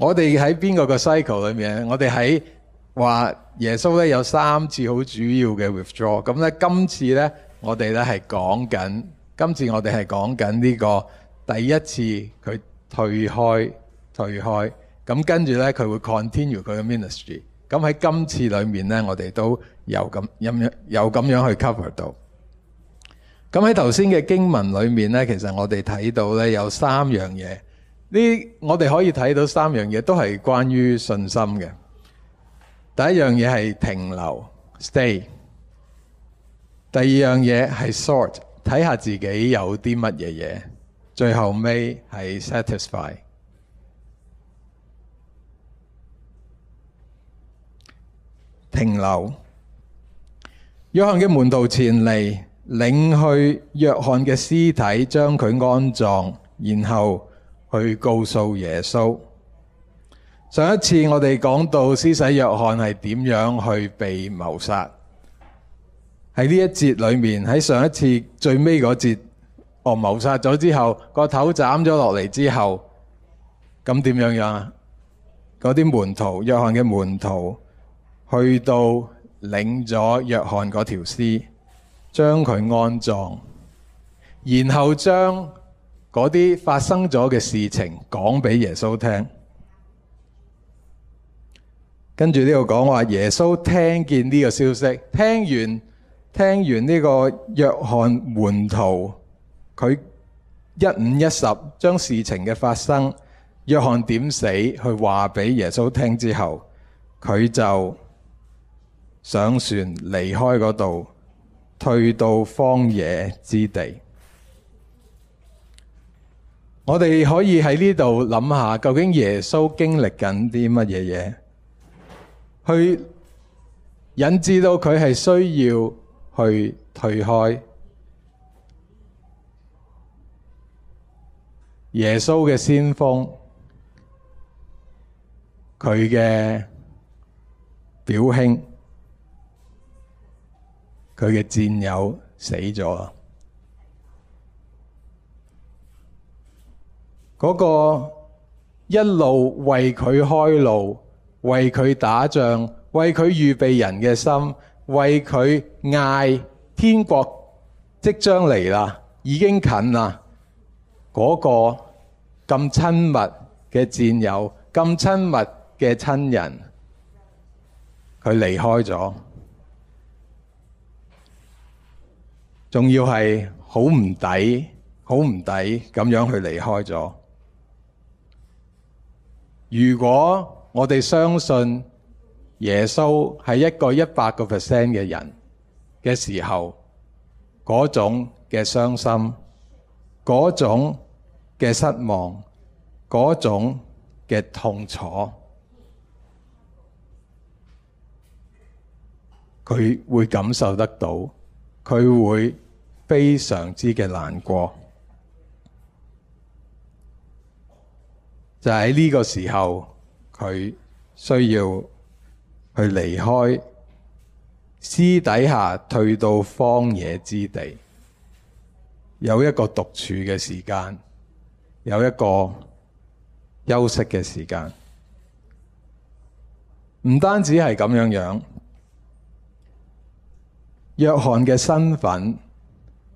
我哋喺邊個個 cycle 裏面咧？我哋喺話耶穌咧有三次好主要嘅 withdraw。咁咧今次咧，我哋咧係講緊今次，我哋係講緊呢個第一次佢退開，退開。咁跟住咧，佢會 continue 佢嘅 ministry。咁喺今次裏面咧，我哋都有咁有咁樣去 cover 到。咁喺頭先嘅經文裏面咧，其實我哋睇到咧有三樣嘢。呢，我哋可以睇到三樣嘢，都係關於信心嘅。第一樣嘢係停留 （stay），第二樣嘢係 sort，睇下自己有啲乜嘢嘢。最後尾係 satisfy，停留。約翰嘅門徒前嚟領去約翰嘅屍體，將佢安葬，然後。去告訴耶穌。上一次我哋講到施洗約翰係點樣去被謀殺。喺呢一節裏面，喺上一次最尾嗰節，哦謀殺咗之後，個頭斬咗落嚟之後，咁點樣樣？嗰啲門徒，約翰嘅門徒，去到領咗約翰嗰條屍，將佢安葬，然後將。嗰啲發生咗嘅事情講俾耶穌聽，跟住呢度講話，耶穌聽見呢個消息，聽完聽完呢個約翰門徒，佢一五一十將事情嘅發生，約翰點死去話俾耶穌聽之後，佢就上船離開嗰度，退到荒野之地。我哋可以喺呢度諗下，究竟耶穌經歷緊啲乜嘢嘢，去引致到佢係需要去退開。耶穌嘅先鋒，佢嘅表兄，佢嘅戰友死咗。嗰個一路為佢開路、為佢打仗、為佢預備人嘅心、為佢嗌天國即將嚟啦，已經近啦。嗰個咁親密嘅戰友、咁親密嘅親人，佢離開咗，仲要係好唔抵、好唔抵咁樣去離開咗。如果我哋相信耶穌係一個一百個 percent 嘅人嘅時候，嗰種嘅傷心、嗰種嘅失望、嗰種嘅痛楚，佢會感受得到，佢會非常之嘅難過。就喺呢個時候，佢需要去離開，私底下退到荒野之地，有一個獨處嘅時間，有一個休息嘅時間。唔單止係咁樣樣，約翰嘅身份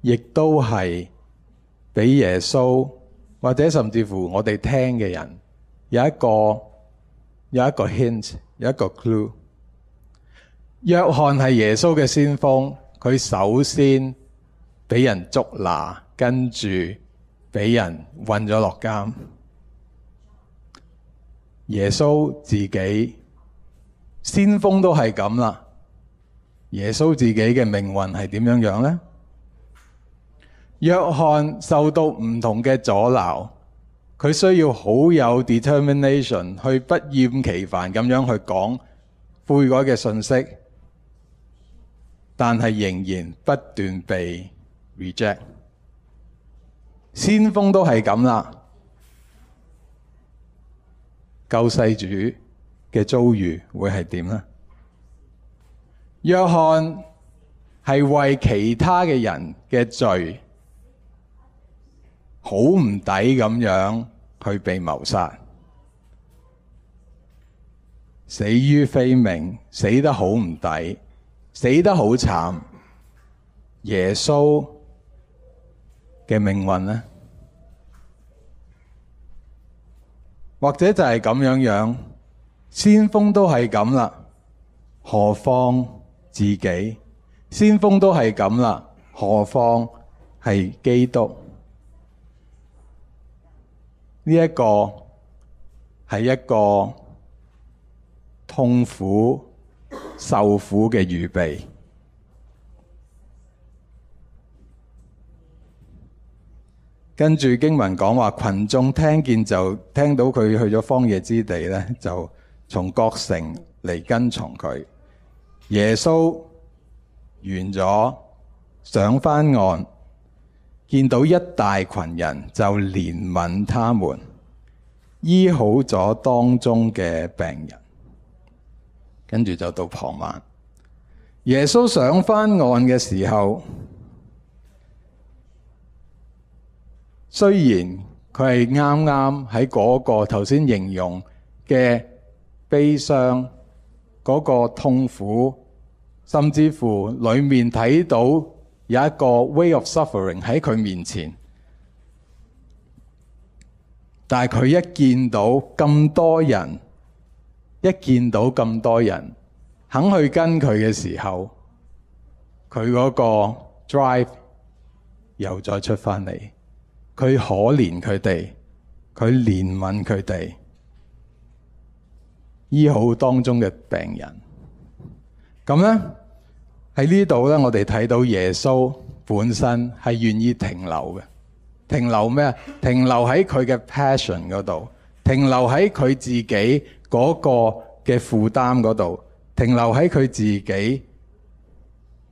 亦都係俾耶穌。或者甚至乎我哋聽嘅人有一個有一個 hint 有一個 clue，約翰係耶穌嘅先鋒，佢首先俾人捉拿，跟住俾人韞咗落監。耶穌自己先鋒都係咁啦，耶穌自己嘅命運係點樣樣咧？約翰受到唔同嘅阻撓，佢需要好有 determination 去不厭其煩咁樣去講悔改嘅信息，但係仍然不斷被 reject。先鋒都係咁啦，救世主嘅遭遇會係點呢？約翰係為其他嘅人嘅罪。好唔抵咁樣去被謀殺，死於非命，死得好唔抵，死得好慘。耶穌嘅命運呢，或者就係咁樣樣，先鋒都係咁啦，何況自己？先鋒都係咁啦，何況係基督？呢、這、一個係一個痛苦受苦嘅預備，跟住經文講話，群眾聽見就聽到佢去咗荒野之地咧，就從各城嚟跟從佢。耶穌完咗，上返岸。見到一大群人，就憐憫他們，醫好咗當中嘅病人，跟住就到傍晚。耶穌上翻岸嘅時候，雖然佢係啱啱喺嗰個頭先形容嘅悲傷、嗰個痛苦，甚至乎裏面睇到。有一個 way of suffering 喺佢面前，但係佢一見到咁多人，一見到咁多人肯去跟佢嘅時候，佢嗰個 drive 又再出翻嚟，佢可憐佢哋，佢憐憫佢哋，醫好當中嘅病人，咁咧。喺呢度咧，我哋睇到耶穌本身係願意停留嘅。停留咩啊？停留喺佢嘅 passion 嗰度，停留喺佢自己嗰個嘅負擔嗰度，停留喺佢自己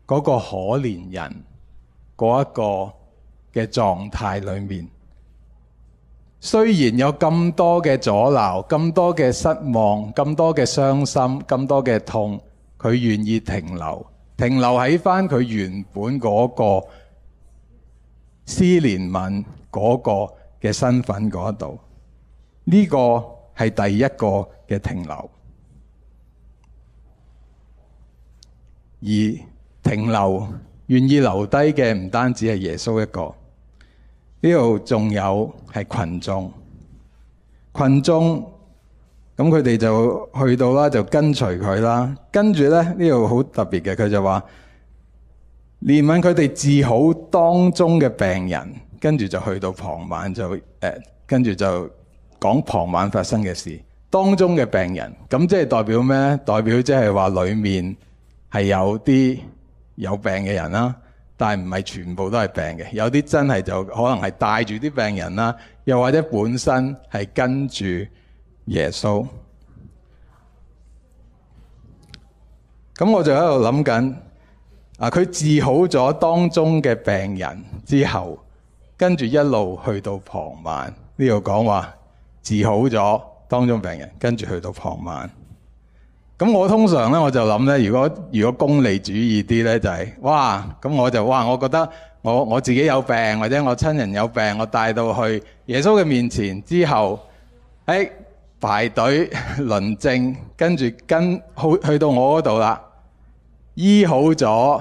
嗰個可憐人嗰一個嘅狀態裏面。雖然有咁多嘅阻撓，咁多嘅失望，咁多嘅傷心，咁多嘅痛，佢願意停留。停留喺返佢原本嗰個詩連文嗰個嘅身份嗰度，呢個係第一個嘅停留。而停留願意留低嘅唔單止係耶穌一個，呢度仲有係群眾，群眾。咁佢哋就去到啦，就跟隨佢啦。跟住咧，呢度好特別嘅，佢就話憐憫佢哋治好當中嘅病人，跟住就去到傍晚就誒、欸，跟住就講傍晚發生嘅事。當中嘅病人，咁即係代表咩？代表即係話裏面係有啲有病嘅人啦，但係唔係全部都係病嘅，有啲真係就可能係帶住啲病人啦，又或者本身係跟住。耶穌，咁我就喺度諗緊，啊佢治好咗當中嘅病人之後，跟住一路去到傍晚呢度講話治好咗當中病人，跟住去到傍晚。咁我通常咧我就諗咧，如果如果功利主義啲咧就係，哇咁我就哇我覺得我我自己有病或者我親人有病，我帶到去耶穌嘅面前之後喺。排隊輪症，跟住跟好去到我嗰度啦，醫好咗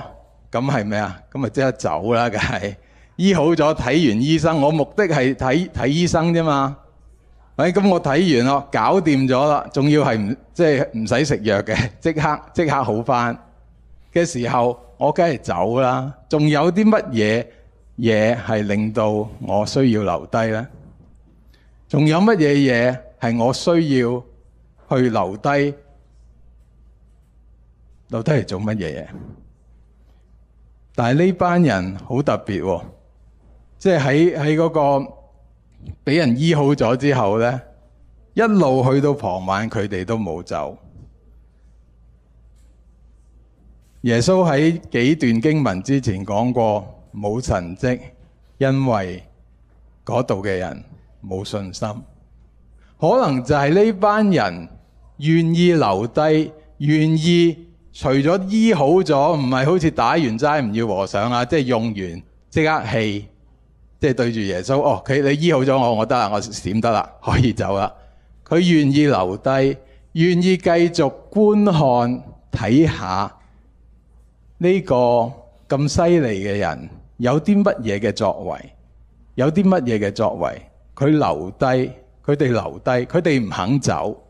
咁係咩啊？咁啊即刻走啦，梗係醫好咗，睇完醫生。我目的係睇睇醫生啫嘛。喂，咁我睇完咯，搞掂咗啦，仲要係唔即係唔使食藥嘅，即刻即刻好返嘅時候，我梗係走啦。仲有啲乜嘢嘢係令到我需要留低咧？仲有乜嘢嘢？係我需要去留低，留低嚟做乜嘢嘢？但係呢班人好特別喎，即係喺喺嗰個俾人醫好咗之後咧，一路去到傍晚，佢哋都冇走。耶穌喺幾段經文之前講過，冇神蹟，因為嗰度嘅人冇信心。可能就係呢班人願意留低，願意除咗醫好咗，唔係好似打完齋唔要和尚啊，即係用完即刻棄，即係對住耶穌哦，佢你醫好咗我，我得啦，我閃得啦，可以走啦。佢願意留低，願意繼續觀看睇下呢個咁犀利嘅人有啲乜嘢嘅作為，有啲乜嘢嘅作為，佢留低。佢哋留低，佢哋唔肯走，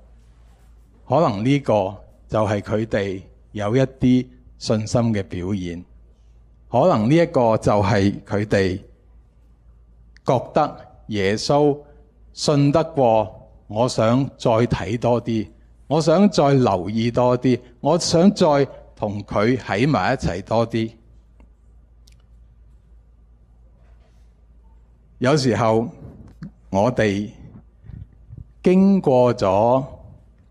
可能呢個就係佢哋有一啲信心嘅表現，可能呢一個就係佢哋覺得耶穌信得過，我想再睇多啲，我想再留意多啲，我想再同佢喺埋一齊多啲。有時候我哋。經過咗、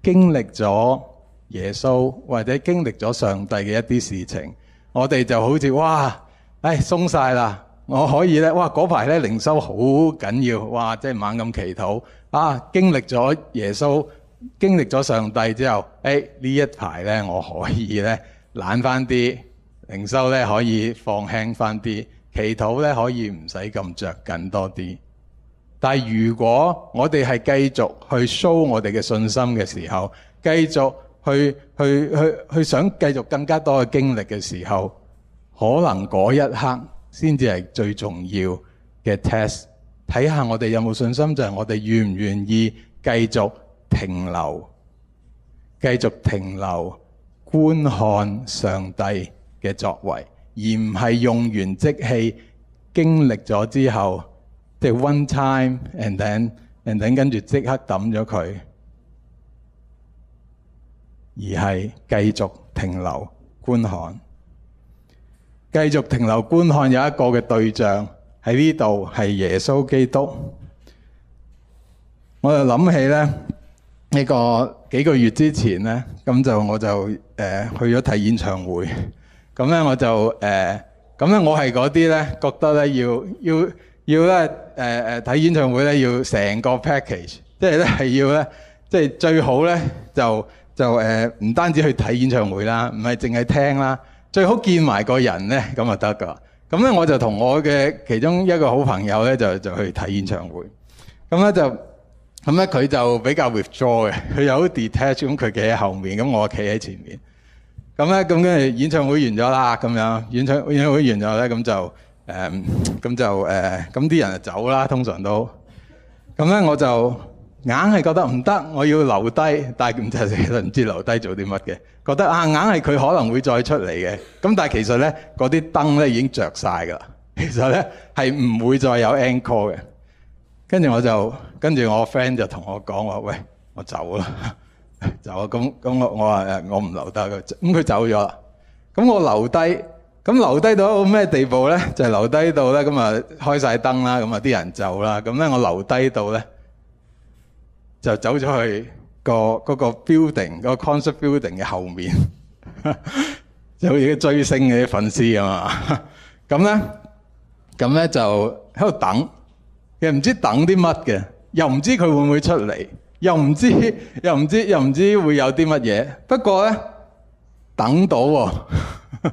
經歷咗耶穌或者經歷咗上帝嘅一啲事情，我哋就好似哇，唉鬆晒啦，我可以咧，哇嗰排咧靈修好緊要，哇即係猛咁祈禱啊！經歷咗耶穌、經歷咗上帝之後，誒呢一排咧我可以咧懶翻啲，靈修咧可以放輕翻啲，祈禱咧可以唔使咁着緊多啲。但如果我哋係繼續去 show 我哋嘅信心嘅時候，繼續去去去去想繼續更加多嘅經歷嘅時候，可能嗰一刻先至係最重要嘅 test，睇下我哋有冇信心，就係我哋願唔願意繼續停留，繼續停留觀看上帝嘅作為，而唔係用完即棄，經歷咗之後。即係 one time，and then and then 跟住即刻抌咗佢，而係繼續停留觀看，繼續停留觀看有一個嘅對象喺呢度係耶穌基督。我就諗起咧呢個幾個月之前咧，咁就我就誒去咗睇演唱會，咁咧我就誒，咁咧我係嗰啲咧覺得咧要要。要咧，誒、呃、睇演唱會咧，要成個 package，即係咧係要咧，即係最好咧就就誒唔單止去睇演唱會啦，唔係淨係聽啦，最好見埋個人咧咁就得㗎。咁咧我就同我嘅其中一個好朋友咧就就去睇演唱會，咁咧就咁咧佢就比較 withdraw 嘅，佢有 detach，咁佢企喺後面，咁我企喺前面。咁咧咁跟住演唱會完咗啦，咁樣演唱演唱會完咗咧，咁就。誒咁就誒咁啲人就走啦，通常都咁咧，我就硬係覺得唔得，我要留低，但係唔就係都唔知留低做啲乜嘅，覺得啊硬係佢可能會再出嚟嘅，咁但係其實咧嗰啲燈咧已經著曬㗎啦，其實咧係唔會再有 anchor 嘅，跟住我就跟住我 friend 就同我講話，喂我走啦，走啊，咁咁我我話誒我唔留得嘅，咁佢走咗啦，咁我留低。咁留低到一個咩地步咧？就係、留低到咧，咁啊開晒燈啦，咁啊啲人就走啦，咁咧我留低到咧，就走咗去、嗰個嗰、嗰個 building、個 concert building 嘅後面，就好似追星嘅啲粉絲啊嘛。咁 咧，咁咧就喺度等，又唔知等啲乜嘅，又唔知佢會唔會出嚟，又唔知，又唔知，又唔知會有啲乜嘢。不過咧，等到喎、哦。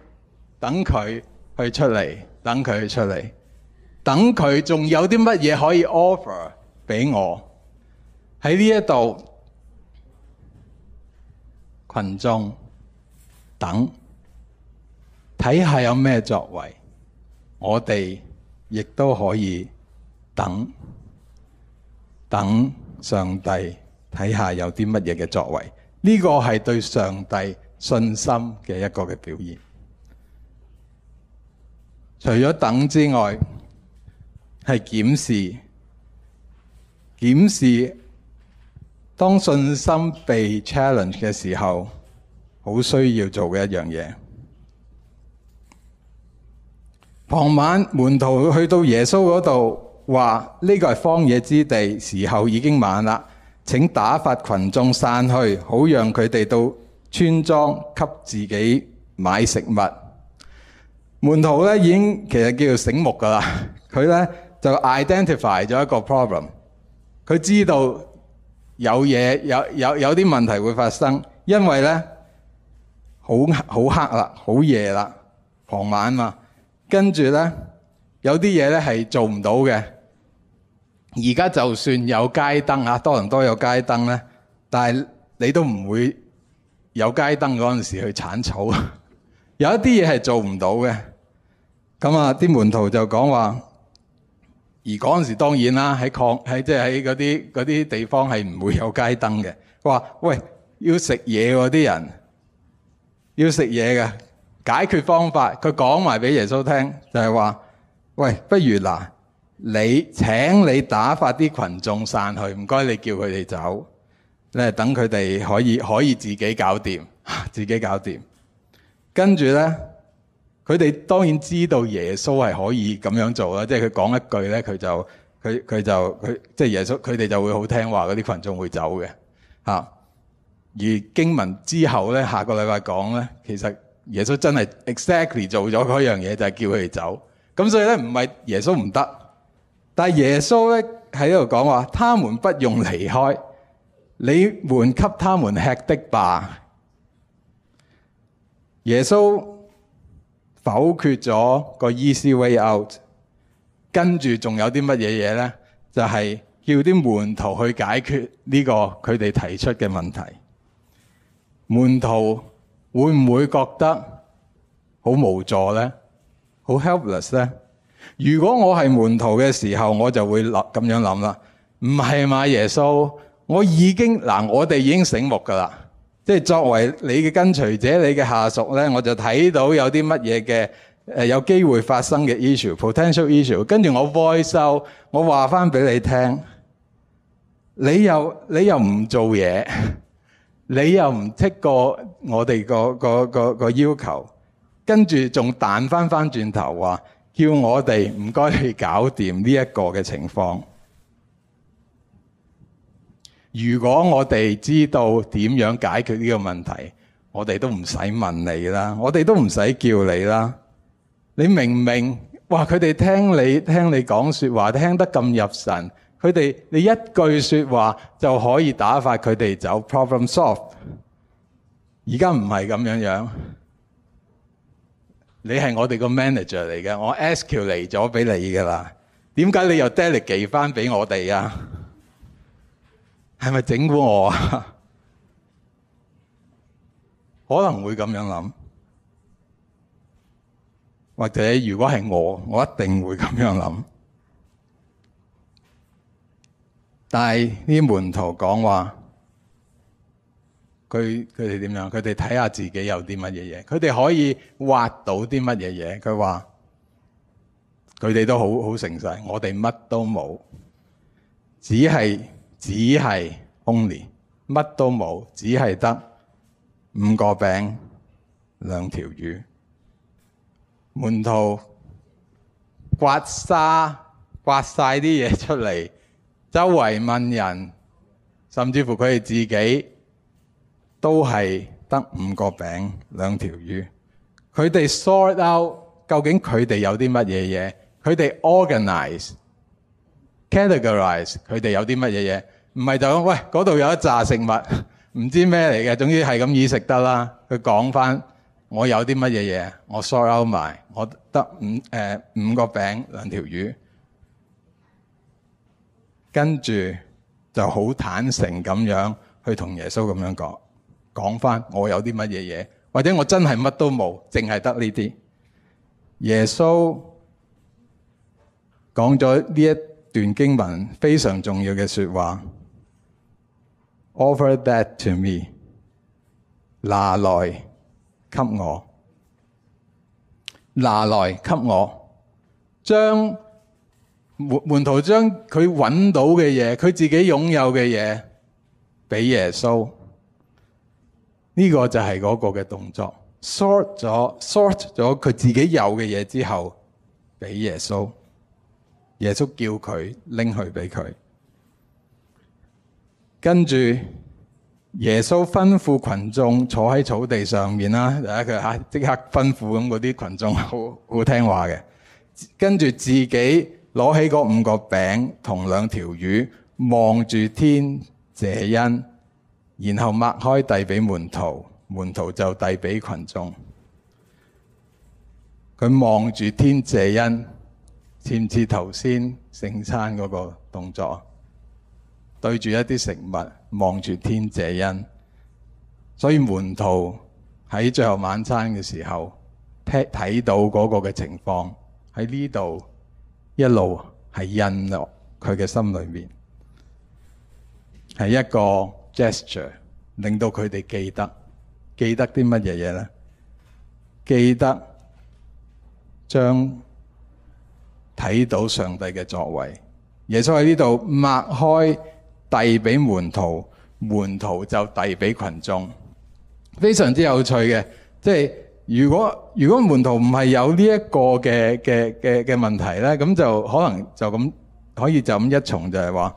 等佢去出嚟，等佢去出嚟，等佢仲有啲乜嘢可以 offer 俾我喺呢一度群眾，等睇下有咩作為，我哋亦都可以等等上帝睇下有啲乜嘢嘅作為。呢個係對上帝信心嘅一個嘅表現。除咗等之外，係檢視、檢視。當信心被 challenge 嘅時候，好需要做嘅一樣嘢。傍晚，門徒去到耶穌嗰度，話，呢個係荒野之地，時候已經晚啦，請打發群眾散去，好讓佢哋到村莊給自己買食物。門徒咧已經其實叫做醒目噶啦，佢咧就 identify 咗一個 problem。佢知道有嘢有有有啲問題會發生，因為咧好好黑啦，好夜啦，傍晚嘛。跟住咧有啲嘢咧係做唔到嘅。而家就算有街燈啊，多倫多有街燈咧，但係你都唔會有街燈嗰陣時去剷草。有一啲嘢係做唔到嘅。咁啊！啲門徒就講話，而嗰陣時當然啦，喺礦喺即係喺嗰啲嗰啲地方係唔會有街燈嘅。話喂，要食嘢喎啲人，要食嘢嘅解決方法，佢講埋俾耶穌聽，就係話：喂，不如嗱，你請你打發啲群眾散去，唔該你叫佢哋走，你係等佢哋可以可以自己搞掂，自己搞掂。跟住咧。佢哋當然知道耶穌係可以咁樣做啦，即係佢講一句咧，佢就佢佢就佢，即係、就是、耶穌佢哋就會好聽話，嗰啲群眾會走嘅吓、啊、而經文之後咧，下個禮拜講咧，其實耶穌真係 exactly 做咗嗰樣嘢，就係、是、叫佢哋走。咁所以咧，唔係耶穌唔得，但係耶穌咧喺度講話，他們不用離開，你們給他們吃的吧，耶穌。否決咗個 easy way out，跟住仲有啲乜嘢嘢咧？就係叫啲門徒去解決呢個佢哋提出嘅問題。門徒會唔會覺得好無助咧？好 helpless 咧？如果我係門徒嘅時候，我就會諗咁樣諗啦。唔係嘛，耶穌，我已經嗱，我哋已經醒目噶啦。即係作為你嘅跟隨者、你嘅下屬咧，我就睇到有啲乜嘢嘅誒有機會發生嘅 issue、potential issue。跟住我 voice out，我話翻俾你聽，你又你又唔做嘢，你又唔剔過我哋、嗰個個個個要求，跟住仲彈翻翻轉頭話，叫我哋唔該去搞掂呢一個嘅情況。如果我哋知道點樣解決呢個問題，我哋都唔使問你啦，我哋都唔使叫你啦。你明明話佢哋聽你聽你講說話，聽得咁入神，佢哋你一句說話就可以打發佢哋走。Problem solved。而家唔係咁樣樣，你係我哋個 manager 嚟嘅，我 escalate 嚟咗俾你㗎啦。點解你又 delegate 翻俾我哋啊？係咪整蠱我啊？可能會咁樣諗，或者如果係我，我一定會咁樣諗。但係啲門徒講話，佢佢哋點樣？佢哋睇下自己有啲乜嘢嘢，佢哋可以挖到啲乜嘢嘢。佢話佢哋都好好誠實，我哋乜都冇，只係。只係 only，乜都冇，只係得五個餅、兩條魚。門徒刮沙，刮晒啲嘢出嚟，周圍問人，甚至乎佢哋自己都係得五個餅、兩條魚。佢哋 sort out 究竟佢哋有啲乜嘢嘢？佢哋 organize、categorize 佢哋有啲乜嘢嘢？唔係就講，喂，嗰度有一紮食物，唔知咩嚟嘅，總之係咁易食得啦。佢講翻我有啲乜嘢嘢，我收埋，我得五誒、呃、五個餅兩條魚，跟住就好坦誠咁樣去同耶穌咁樣講，講翻我有啲乜嘢嘢，或者我真係乜都冇，淨係得呢啲。耶穌講咗呢一段經文非常重要嘅說話。Offer that to me，拿來給我，拿來給我，將門門徒將佢搵到嘅嘢，佢自己擁有嘅嘢，俾耶穌。呢個就係嗰個嘅動作，sort 咗，sort 咗佢自己有嘅嘢之後，俾耶穌。耶穌叫佢拎去俾佢。跟住，耶穌吩咐群眾坐喺草地上面啦，大家佢即刻吩咐咁嗰啲群眾好好聽話嘅。跟住自己攞起嗰五個餅同兩條魚，望住天謝恩，然後擘開遞俾門徒，門徒就遞俾群眾。佢望住天謝恩，似唔似頭先聖餐嗰個動作？對住一啲食物，望住天謝恩，所以門徒喺最後晚餐嘅時候，睇睇到嗰個嘅情況喺呢度，一路係印落佢嘅心裏面，係一個 gesture，令到佢哋記得，記得啲乜嘢嘢呢？記得將睇到上帝嘅作為，耶穌喺呢度擘開。遞俾門徒，門徒就遞俾群眾，非常之有趣嘅。即係如果如果門徒唔係有呢一個嘅嘅嘅嘅問題咧，咁就可能就咁可以就咁一重就係話，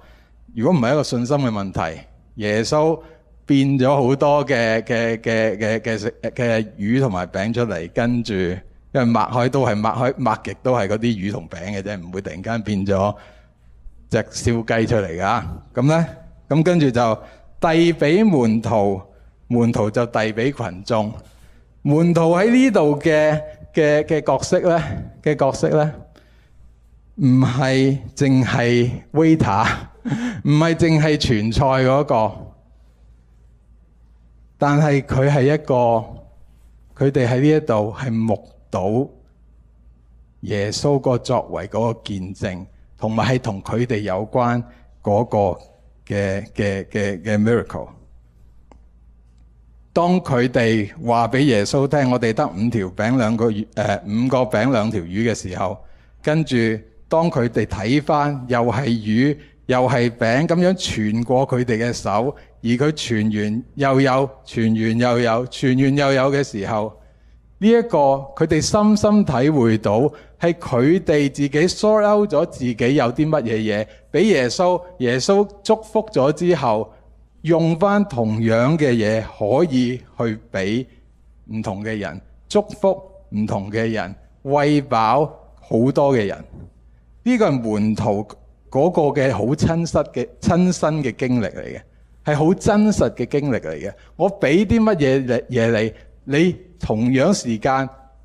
如果唔係一個信心嘅問題，耶穌變咗好多嘅嘅嘅嘅嘅食嘅魚同埋餅出嚟，跟住因為擘開都係擘開，擘極都係嗰啲魚同餅嘅啫，唔會突然間變咗。隻燒雞出嚟噶咁咧，咁跟住就遞俾門徒，門徒就遞俾群眾。門徒喺呢度嘅嘅嘅角色咧，嘅角色咧，唔係淨係 waiter，唔係淨係傳菜嗰個，但係佢係一個，佢哋喺呢一度係目睹耶穌個作為嗰個見證。同埋係同佢哋有關嗰個嘅嘅嘅嘅 miracle。當佢哋話俾耶穌聽，我哋得五條餅兩個魚，呃，五個餅兩條魚嘅時候，跟住當佢哋睇返又係魚又係餅咁樣傳過佢哋嘅手，而佢傳完又有傳完又有傳完又有嘅時候，呢、這、一個佢哋深深體會到。係佢哋自己疏漏咗自己有啲乜嘢嘢，俾耶穌耶穌祝福咗之後，用翻同樣嘅嘢可以去俾唔同嘅人祝福唔同嘅人，餵飽好多嘅人。呢、這個係門徒嗰個嘅好親身嘅親身嘅經歷嚟嘅，係好真實嘅經歷嚟嘅。我俾啲乜嘢嘢嚟，你同樣時間。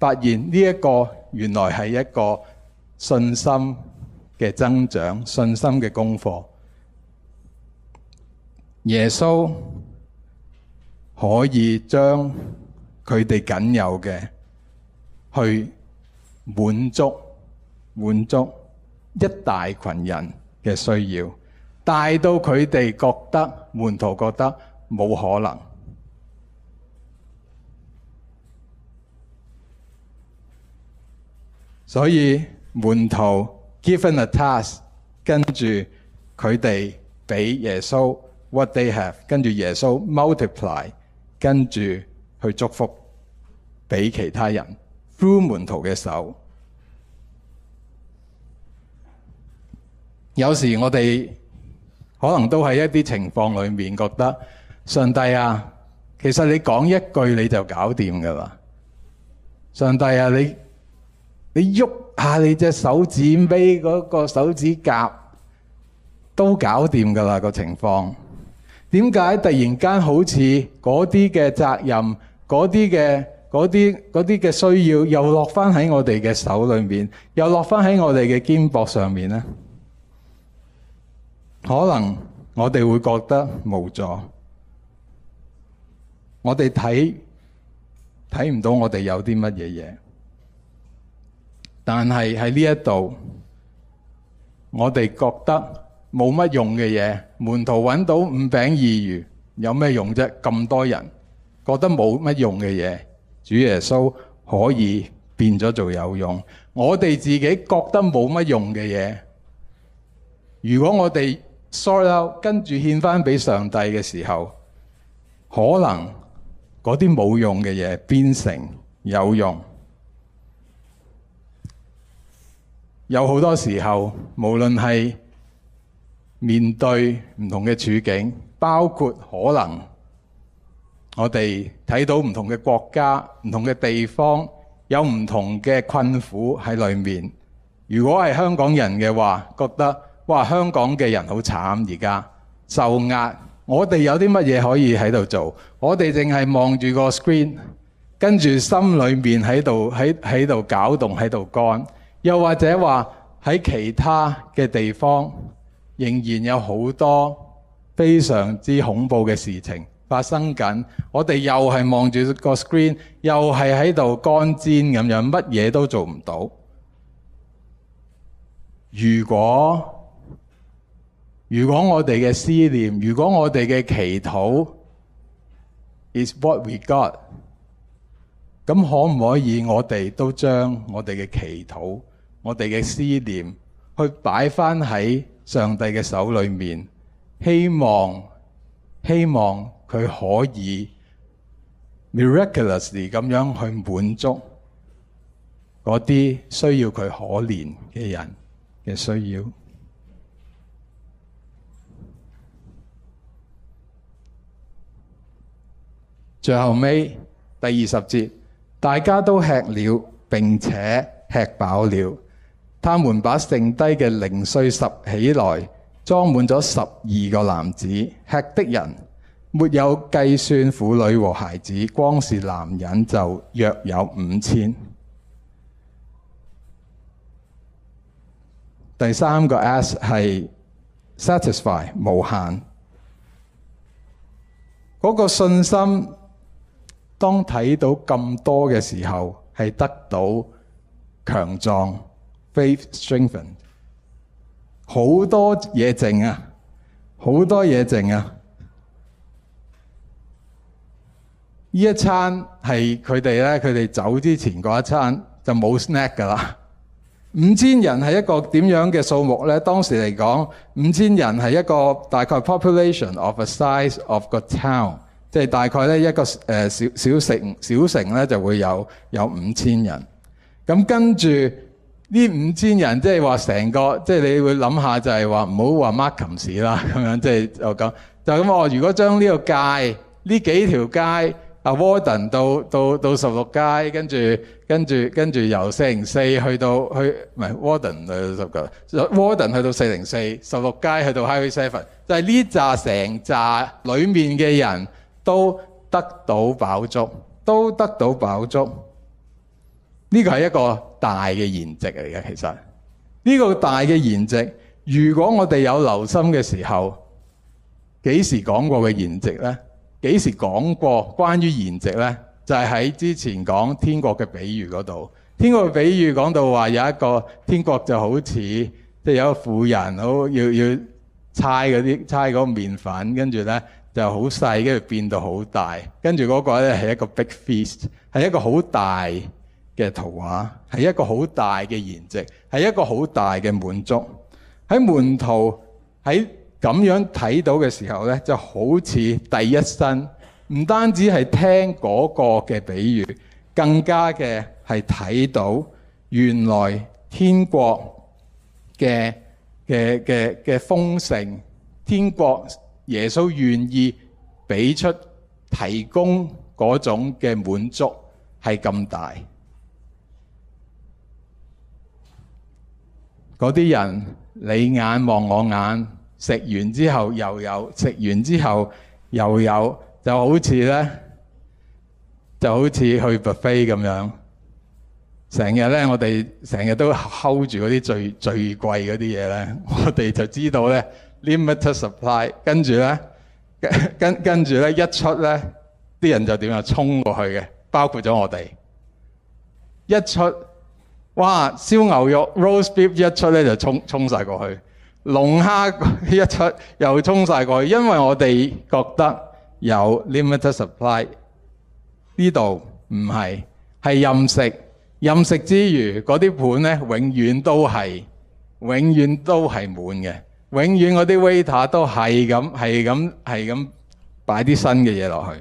發現呢一個原來係一個信心嘅增長，信心嘅功課。耶穌可以將佢哋僅有嘅去滿足，滿足一大群人嘅需要，大到佢哋覺得，門徒覺得冇可能。所以門徒 given a task，跟住佢哋俾耶穌 what they have，跟住耶穌 multiply，跟住去祝福俾其他人，through 門徒嘅手。有時我哋可能都喺一啲情況裏面覺得上帝啊，其實你講一句你就搞掂㗎喇，上帝啊你。你喐下你隻手指尾嗰個手指甲都搞掂㗎喇。個情況。點解突然間好似嗰啲嘅責任、嗰啲嘅嗰啲嗰啲嘅需要又落翻喺我哋嘅手裏面，又落翻喺我哋嘅肩膊上面呢？可能我哋會覺得無助，我哋睇睇唔到我哋有啲乜嘢嘢。但係喺呢一度，我哋覺得冇乜用嘅嘢，門徒揾到五餅二魚，有咩用啫？咁多人覺得冇乜用嘅嘢，主耶穌可以變咗做有用。我哋自己覺得冇乜用嘅嘢，如果我哋收留跟住獻返俾上帝嘅時候，可能嗰啲冇用嘅嘢變成有用。有好多時候，無論係面對唔同嘅處境，包括可能我哋睇到唔同嘅國家、唔同嘅地方有唔同嘅困苦喺裏面。如果係香港人嘅話，覺得哇，香港嘅人好慘而家受壓。我哋有啲乜嘢可以喺度做？我哋淨係望住個 screen，跟住心裏面喺度喺喺度搞動喺度幹。在這裡又或者話喺其他嘅地方，仍然有好多非常之恐怖嘅事情發生緊。我哋又係望住個 screen，又係喺度乾煎咁樣，乜嘢都做唔到。如果如果我哋嘅思念，如果我哋嘅祈禱，is what we got，咁可唔可以我哋都將我哋嘅祈禱，我哋嘅思念，去擺翻喺上帝嘅手裏面，希望希望佢可以 miraculously 咁樣去滿足嗰啲需要，佢可憐嘅人嘅需要。最後尾，第二十節，大家都吃了，並且吃飽了。他們把剩低嘅零碎拾起來，裝滿咗十二個籃子。吃的人沒有計算婦女和孩子，光是男人就約有五千。第三個 S 係 satisfy，無限嗰、那個信心，當睇到咁多嘅時候，係得到強壯。Faith strengthened，好多嘢剩啊，好多嘢剩啊。呢一餐係佢哋咧，佢哋走之前嗰一餐就冇 snack 噶啦。五千人係一個點樣嘅數目咧？當時嚟講，五千人係一個大概 population of a size of 個 town，即係大概咧一個誒小小，小城小城咧就會有有五千人。咁跟住。呢五千人即係話成個，即係你會諗下就係話唔好話 Markham 市啦，咁樣即係我講就咁、是。我如果將呢個街呢幾條街啊，Warden 到到到十六街，跟住跟住跟住由四零四去到去唔係 Warden 去到十九 Warden 去到四零四，十六街去到 Highway Seven，就係呢紮成紮裏面嘅人都得到飽足，都得到飽足。呢、這個係一個大嘅筵席嚟嘅，其實呢、這個大嘅筵席，如果我哋有留心嘅時候，幾時講過嘅筵席咧？幾時講過關於筵席咧？就係、是、喺之前講天國」嘅比喻嗰度。天國」嘅比喻講到話有一個天國就像」就好似即係有一個婦人，好要要搓嗰啲搓嗰個麵粉，跟住咧就好細，跟住變到好大，跟住嗰個咧係一個 big feast 係一個好大。嘅圖畫係一個好大嘅延值，係一個好大嘅滿足。喺門徒喺咁樣睇到嘅時候咧，就好似第一身唔單止係聽嗰個嘅比喻，更加嘅係睇到原來天國嘅嘅嘅嘅豐盛，天國耶穌願意俾出提供嗰種嘅滿足，係咁大。嗰啲人你眼望我眼，食完之後又有，食完之後又有，就好似咧，就好似去 buffet 咁樣。成日咧，我哋成日都 hold 住嗰啲最最貴嗰啲嘢咧，我哋就知道咧 limit supply，跟住咧，跟跟住咧一出咧，啲人就點樣衝過去嘅，包括咗我哋一出，哇！燒牛肉 roast beef 一出咧就衝衝晒過去，龍蝦一出又衝晒過去，因為我哋覺得有 limited supply 呢度唔係，係任食，任食之餘嗰啲盤咧永遠都係永遠都係滿嘅，永遠嗰啲 waiter 都係咁係咁係咁擺啲新嘅嘢落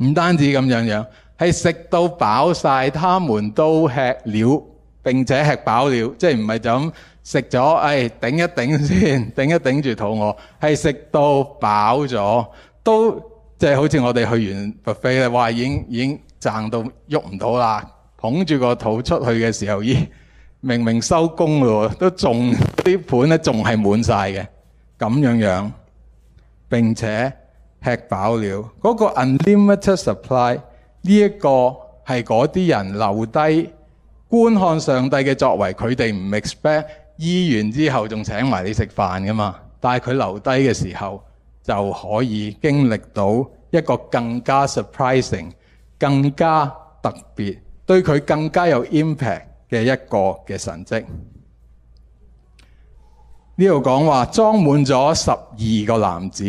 去，唔單止咁樣樣。係食到飽曬，他們都吃了並且吃飽了。即係唔係就咁食咗，誒，頂一頂先，頂一頂住肚餓，係食到飽咗。都即係好似我哋去完 buffet 啦，話已經已經賺到喐唔到啦，捧住個肚出去嘅時候，咦，明明收工咯，都仲啲盤咧，仲係滿曬嘅咁樣樣。並且吃飽了嗰個 unlimited supply。呢一個係嗰啲人留低觀看上帝嘅作為，佢哋唔 expect 醫完之後仲請埋你食飯㗎嘛？但係佢留低嘅時候就可以經歷到一個更加 surprising、更加特別、對佢更加有 impact 嘅一個嘅神跡。呢度講話裝滿咗十二個男子，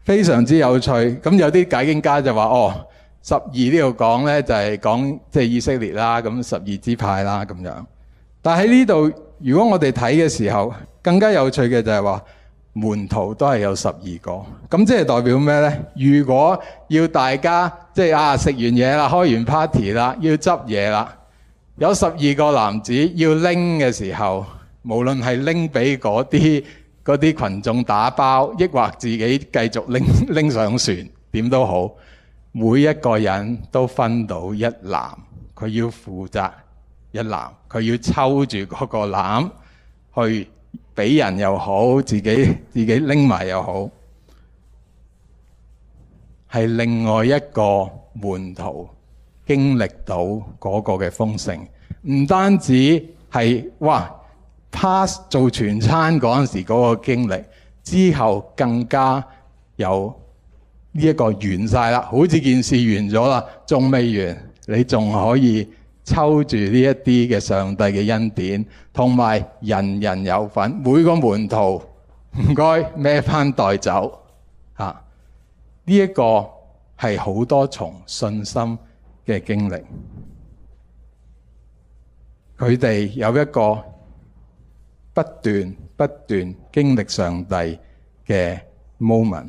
非常之有趣。咁有啲解經家就話哦。十二呢度講呢，就係講即係以色列啦，咁十二支派啦咁樣。但喺呢度，如果我哋睇嘅時候，更加有趣嘅就係話，門徒都係有十二個，咁即係代表咩呢？如果要大家即係啊食完嘢啦，開完 party 啦，要執嘢啦，有十二個男子要拎嘅時候，無論係拎俾嗰啲嗰啲群眾打包，抑或自己繼續拎拎上船，點都好。每一個人都分到一籃，佢要負責一籃，佢要抽住嗰個籃去俾人又好，自己自己拎埋又好，係另外一個門徒經歷到嗰個嘅豐盛，唔單止係哇，pass 做全餐嗰陣時嗰個經歷，之後更加有。呢一個完晒啦，好似件事完咗啦，仲未完，你仲可以抽住呢一啲嘅上帝嘅恩典，同埋人人有份，每個門徒唔該孭翻帶走啊。呢一個係好多重信心嘅經歷，佢哋有一個不斷不斷經歷上帝嘅 moment。